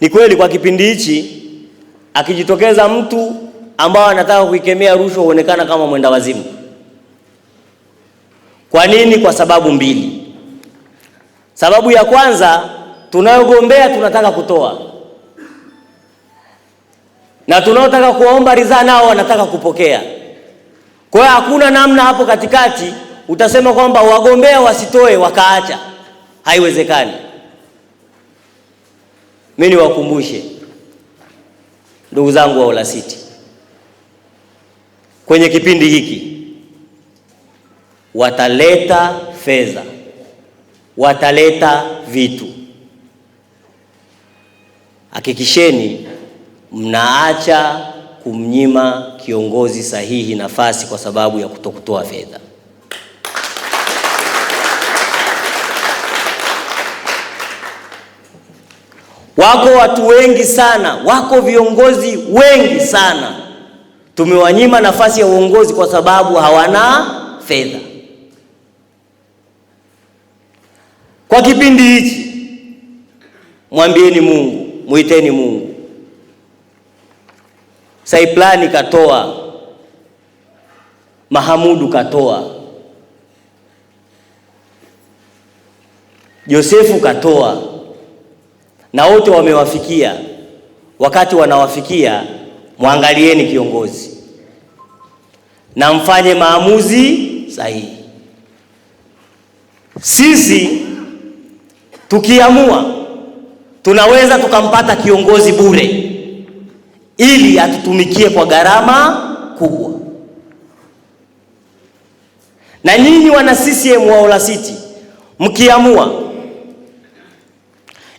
Ni kweli kwa kipindi hichi akijitokeza mtu ambao anataka kuikemea rushwa huonekana kama mwenda wazimu. Kwa nini? Kwa sababu mbili. Sababu ya kwanza, tunayogombea tunataka kutoa na tunaotaka kuwaomba ridhaa nao wanataka kupokea. Kwa hiyo hakuna namna hapo katikati utasema kwamba wagombea wasitoe wakaacha, haiwezekani. Mimi niwakumbushe ndugu zangu wa Olasiti, kwenye kipindi hiki wataleta fedha, wataleta vitu. Hakikisheni mnaacha kumnyima kiongozi sahihi nafasi kwa sababu ya kutokutoa fedha. Wako watu wengi sana, wako viongozi wengi sana tumewanyima nafasi ya uongozi kwa sababu hawana fedha. Kwa kipindi hichi, mwambieni Mungu, mwiteni Mungu. Saiplani katoa, Mahamudu katoa, Josefu katoa na wote wamewafikia. Wakati wanawafikia, mwangalieni kiongozi na mfanye maamuzi sahihi. Sisi tukiamua, tunaweza tukampata kiongozi bure ili atutumikie kwa gharama kubwa. Na nyinyi wana CCM wa Ola City mkiamua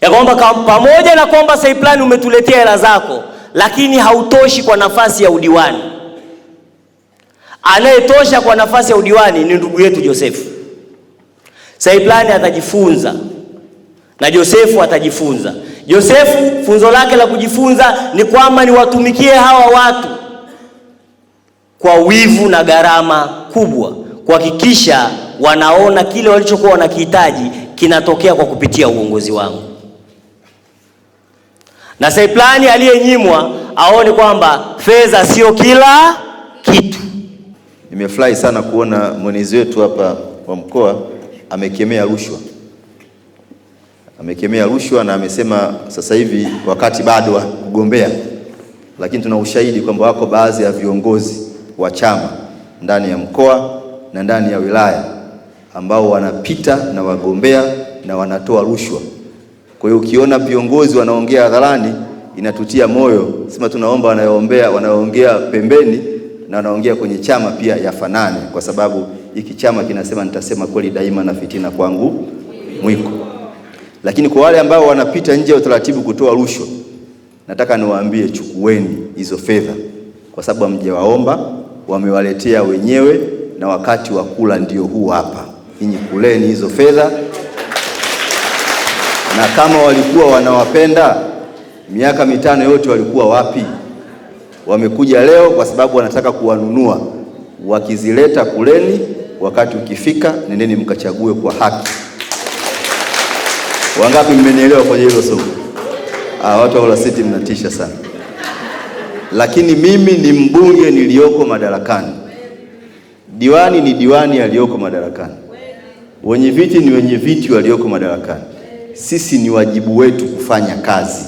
ya kwamba pamoja na kwamba saiplani umetuletea hela zako, lakini hautoshi kwa nafasi ya udiwani. Anayetosha kwa nafasi ya udiwani ni ndugu yetu Josefu. saiplani atajifunza na Josefu atajifunza. Josefu funzo lake la kujifunza ni kwamba niwatumikie hawa watu kwa wivu na gharama kubwa, kuhakikisha wanaona kile walichokuwa wanakihitaji kinatokea kwa kupitia uongozi wangu na Saiplani aliyenyimwa aone kwamba fedha sio kila kitu. Nimefurahi sana kuona mwenezi wetu hapa wa mkoa amekemea rushwa, amekemea rushwa na amesema sasa hivi wakati bado wa kugombea, lakini tuna ushahidi kwamba wako baadhi ya viongozi wa chama ndani ya mkoa na ndani ya wilaya ambao wanapita na wagombea na wanatoa rushwa. Kwa hiyo ukiona viongozi wanaongea hadharani inatutia moyo, sema tunaomba wanaoombea wanaongea pembeni na wanaongea kwenye chama pia yafanane, kwa sababu hiki chama kinasema nitasema kweli daima na fitina kwangu mwiko. Lakini kwa wale ambao wanapita nje ya utaratibu kutoa rushwa, nataka niwaambie, chukueni hizo fedha, kwa sababu hamjawaomba, wamewaletea wenyewe, na wakati wa kula ndio huu hapa. Ninyi kuleni hizo fedha. Na kama walikuwa wanawapenda miaka mitano yote walikuwa wapi? Wamekuja leo kwa sababu wanataka kuwanunua. Wakizileta kuleni, wakati ukifika, nendeni mkachague kwa haki. Wangapi mmenielewa kwenye hilo somo? Ah, watu wa City mnatisha sana. Lakini mimi ni mbunge niliyoko madarakani, diwani ni diwani aliyoko madarakani, wenye viti ni wenye viti walioko madarakani sisi ni wajibu wetu kufanya kazi,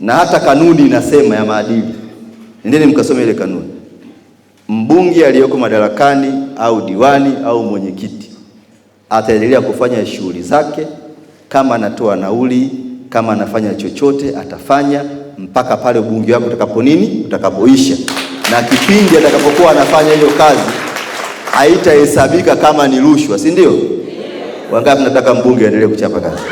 na hata kanuni inasema ya maadili. Nendeni mkasome ile kanuni. Mbunge aliyoko madarakani au diwani au mwenyekiti ataendelea kufanya shughuli zake, kama anatoa nauli, kama anafanya chochote atafanya mpaka pale ubunge wake utakapo nini, utakapoisha, na kipindi atakapokuwa anafanya hiyo kazi haitahesabika kama ni rushwa, si ndio? Wangapi nataka mbunge aendelee kuchapa kazi?